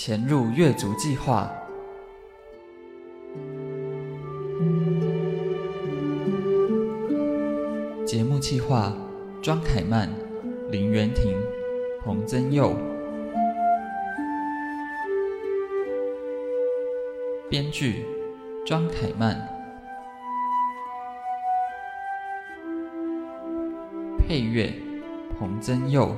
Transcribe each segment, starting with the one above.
潛入月族計劃。節目計劃：莊凱曼、林元廷、彭增佑。編劇：莊凱曼。配樂：彭增佑。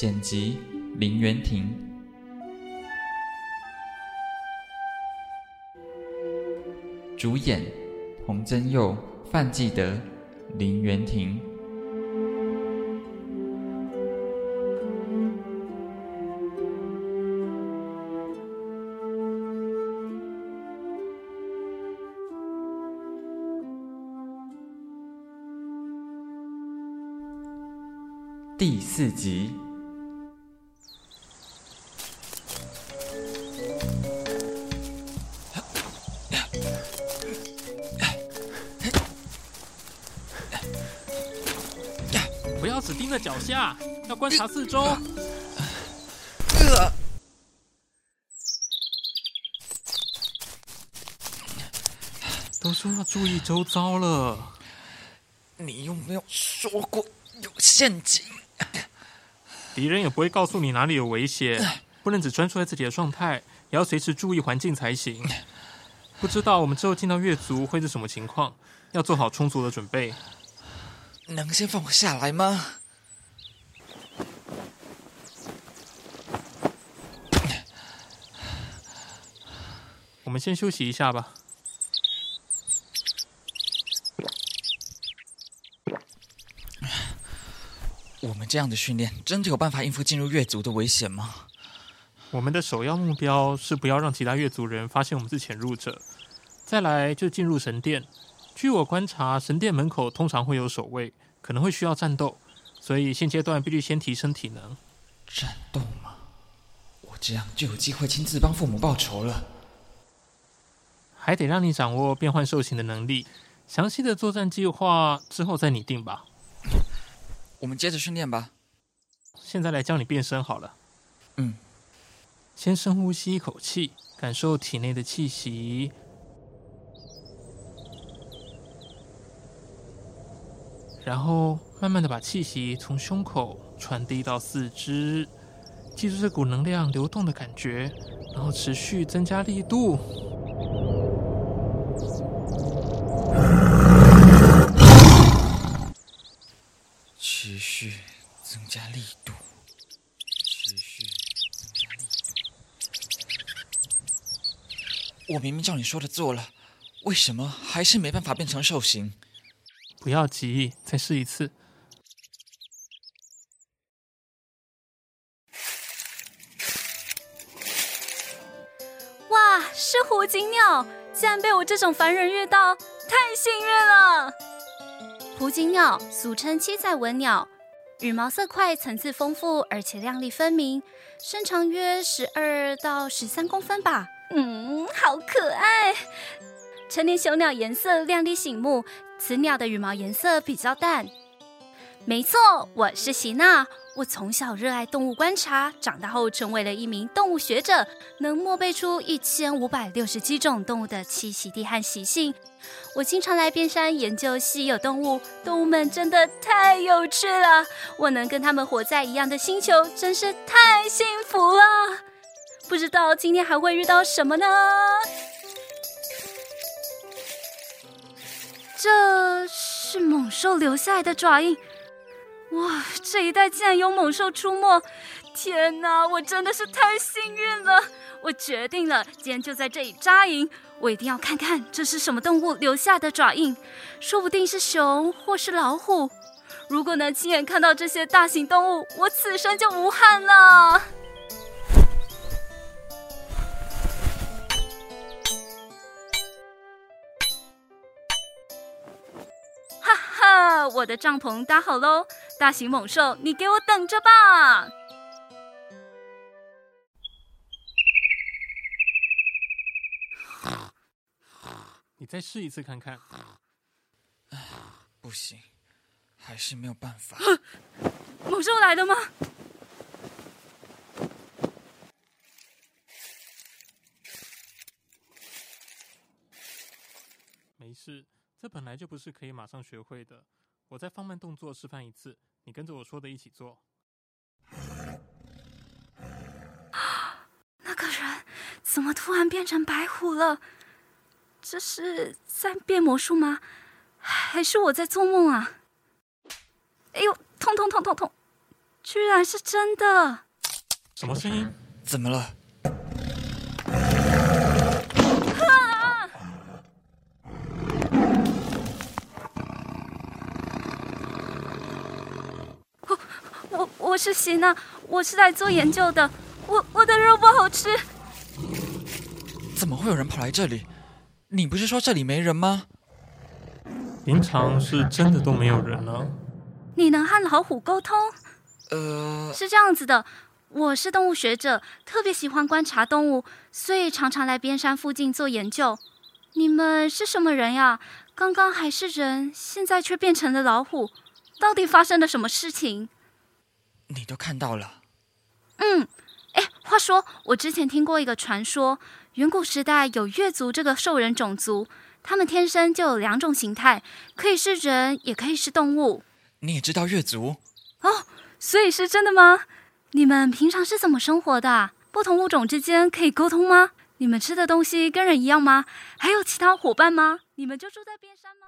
剪輯林元廷，主演洪真佑、范繼德、林元廷，第四集。在腳下要觀察四周。這、呃呃呃、都說要注意周遭了，你有沒有說過有陷阱？敵人也不會告訴你哪裡有危險，不能只專注在自己的狀態，也要隨時注意環境才行。不知道我們之後進到月族會是什麼情況，要做好充足的準備。能先放我下來嗎？我們先休息一下吧。我們這樣的訓練，真的有辦法應付進入月族的危險嗎？我們的首要目標是不要讓其他月族人發現我們是潛入者。再來就進入神殿。據我觀察，神殿門口通常會有守衛，可能會需要戰鬥，所以現階段必須先提升體能。戰鬥嗎？我這樣就有機會親自幫父母報仇了。還得讓你掌握變換獸形的能力，詳細的作戰計劃之後再擬定吧。我們接着訓練吧。現在來教你變身好了。嗯，先深呼吸一口氣，感受體內的氣息，然後慢慢地把氣息從胸口傳遞到四肢，記住這股能量流動的感覺，然後持續增加力度。我明明照你說的做了，為什麼還是沒辦法變成獸形？不要急，再試一次。哇，是胡錦鳥，竟然被我這種凡人遇到，太幸運了！胡錦鳥俗稱七彩文鳥，羽毛色塊層次豐富，而且亮麗分明，身長約十二到十三公分吧。嗯，好可愛。成年雄鳥顏色亮麗醒目，雌鳥的羽毛顏色比較淡。沒錯，我是席娜。我從小熱愛動物觀察，長大後成為了一名動物學者，能默背出一千五百六十七種動物的棲息地和習性。我經常來邊山研究稀有動物，動物們真的太有趣了。我能跟它們活在一樣的星球，真是太幸福了。不知道今天還會遇到什麼呢？這是猛獸留下來的爪印，哇！這一帶竟然有猛獸出沒！天哪，我真的是太幸運了！我決定了，今天就在這裡扎營。我一定要看看這是什麼動物留下的爪印，說不定是熊或是老虎。如果能親眼看到這些大型動物，我此生就無憾了。我的帳篷搭好嘍！大型猛獸，你給我等着吧！你再試一次看看。啊，不行，還是沒有辦法。啊，猛獸來了嗎？沒事，這本來就不是可以馬上學會的。我再放慢動作示範一次，你跟着我說的一起做。啊！那個人怎麼突然變成白虎了？這是在變魔術嗎？還是我在做夢啊？哎呦，痛痛痛痛痛！居然是真的！什麼聲音啊？怎麼了？我我是喜娜、啊，我是來做研究的。我我的肉不好吃。怎麼會有人跑來這裡？你不是說這裡沒人嗎？平常是真的都沒有人了、啊。你能和老虎溝通？呃，是這樣子的，我是動物學者，特別喜歡觀察動物，所以常常來邊山附近做研究。你們是什麼人呀、啊？剛剛還是人，現在卻變成了老虎，到底發生了什麼事情？你都看到了。嗯，哎，話說我之前聽過一個傳說，遠古時代有月族這個獸人種族，他們天生就有兩種形態，可以是人，也可以是動物。你也知道月族？哦，所以是真的嗎？你們平常是怎麼生活的？不同物種之間可以溝通嗎？你們吃的東西跟人一樣嗎？還有其他夥伴嗎？你們就住在邊山嗎？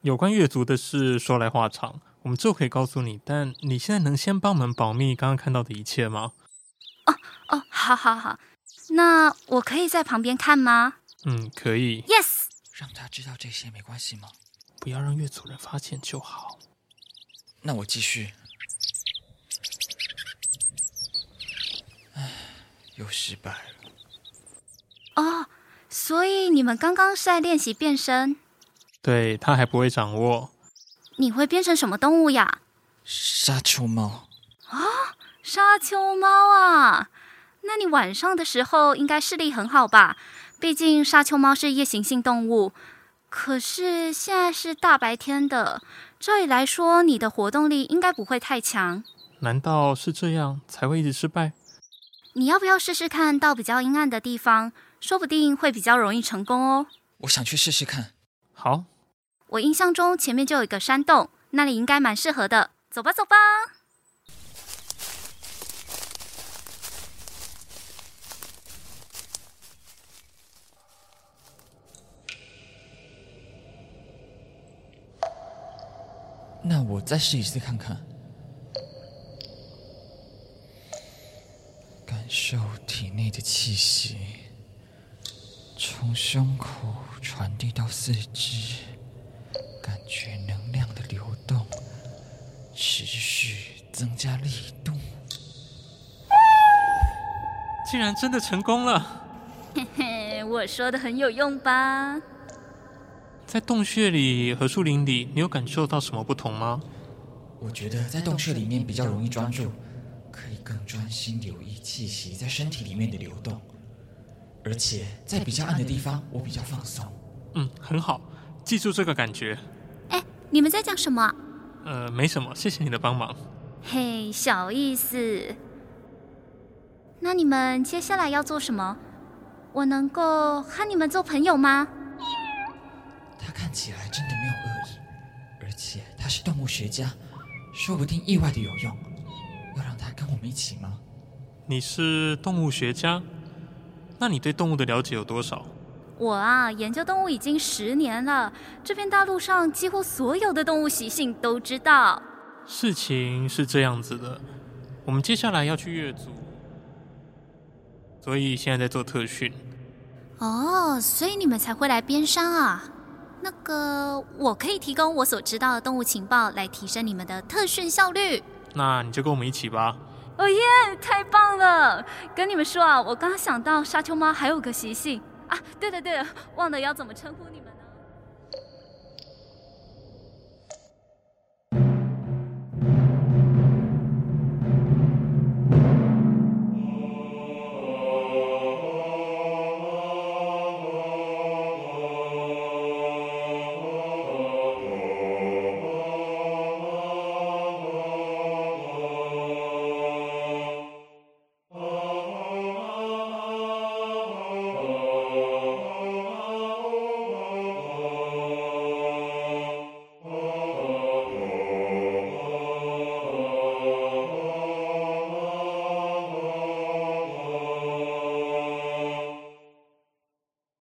有關月族的事說來話長。我們就可以告訴你，但你現在能先幫我們保密剛剛看到的一切嗎？哦哦，好好好，那我可以在旁邊看嗎？嗯，可以。Yes，讓他知道這些沒關係嗎？不要讓月族人發現就好。那我繼續。哎，又失敗了。哦，所以你們剛剛是在練習變身？對，他還不會掌握。你會變成什麼動物呀？沙丘貓啊，沙丘貓啊，那你晚上的時候應該視力很好吧？畢竟沙丘貓是夜行性動物。可是現在是大白天的，照理來說你的活動力應該不會太強。難道是這樣才會一直失敗？你要不要試試看到比較陰暗的地方，說不定會比較容易成功哦。我想去試試看。好。我印象中前面就有一個山洞，那裡應該蠻適合的。走吧，走吧。那我再試一次看看，感受體內的氣息從胸口傳遞到四肢。感覺能量的流動，持續增加力度，竟然真的成功了！嘿嘿，我說的很有用吧？在洞穴裡和樹林裡，你有感受到什麼不同嗎？我覺得在洞穴裡面比較容易專注，可以更專心留意氣息在身體裡面的流動，而且在比較暗的地方，我比較放鬆。嗯，很好。記住這個感覺。哎、欸，你們在講什麼？呃，沒什麼，謝謝你的幫忙。嘿，hey, 小意思。那你們接下來要做什麼？我能夠和你們做朋友嗎？他看起來真的沒有惡意，而且他是動物學家，說不定意外的有用。要讓他跟我們一起嗎？你是動物學家，那你對動物的了解有多少？我啊，研究動物已經十年了，這片大陸上幾乎所有的動物習性都知道。事情是這樣子的，我們接下來要去月族，所以現在在做特訓。哦，所以你們才會來邊山啊？那個，我可以提供我所知道的動物情報來提升你們的特訓效率。那你就跟我們一起吧。哦耶，太棒了！跟你們說啊，我剛剛想到沙丘貓還有個習性。啊，對對對，忘了要怎麼稱呼。